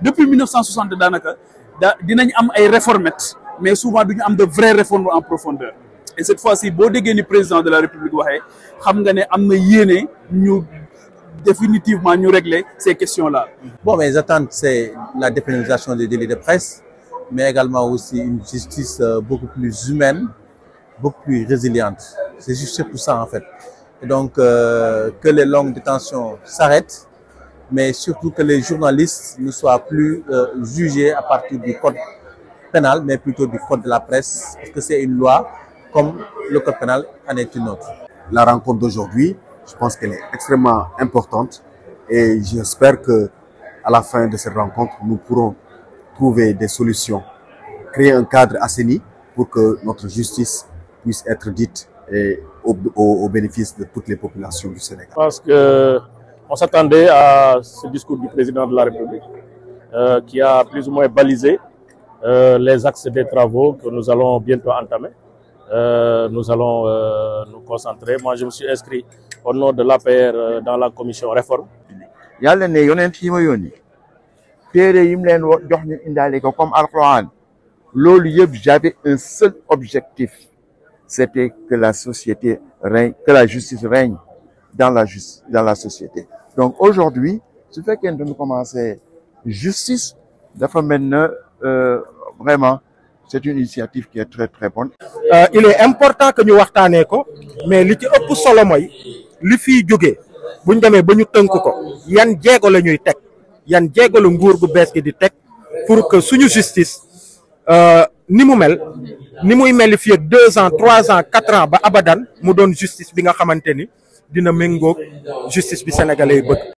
depuis 1960 il y dinañ am ay mais souvent duñu am de vraies réformes en profondeur et cette fois-ci bo ni président de la république waxé xam nga définitivement régler ces questions-là. Bon, mes attentes, c'est la dépénalisation des délits de presse, mais également aussi une justice euh, beaucoup plus humaine, beaucoup plus résiliente. C'est juste pour ça, en fait. Et donc, euh, que les longues détentions s'arrêtent, mais surtout que les journalistes ne soient plus euh, jugés à partir du code pénal, mais plutôt du code de la presse, parce que c'est une loi comme le code pénal en est une autre. La rencontre d'aujourd'hui, je pense qu'elle est extrêmement importante et j'espère que à la fin de cette rencontre, nous pourrons trouver des solutions, créer un cadre assaini pour que notre justice puisse être dite et au, au bénéfice de toutes les populations du Sénégal. Parce que on s'attendait à ce discours du président de la République euh, qui a plus ou moins balisé euh, les axes des travaux que nous allons bientôt entamer. Euh, nous allons nous concentrer. Moi, je me suis inscrit au nom de l'APR dans la commission réforme. Il comme j'avais un seul objectif c'était que la société règne que la justice règne dans la dans la société donc aujourd'hui su fekkee nous commencer justice D'après maintenant, euh, vraiment c'est une initiative qui est très très bonne. Euh, il est important que ñu waxtaanee ko mais li ci ëpp solo mooy li fiy jógee buñ demee ba ñu tënk ko yan jéego la ñuy teg yan jéego la nguur gu bees gi di teg pour que suñu justice euh, ni mu mel ni muy mel fii ak deux ans trois ans quatre ans ba abadan mu donne justice bi nga xamante ni. dina méngoog justice bi sénégalais yi bëgg.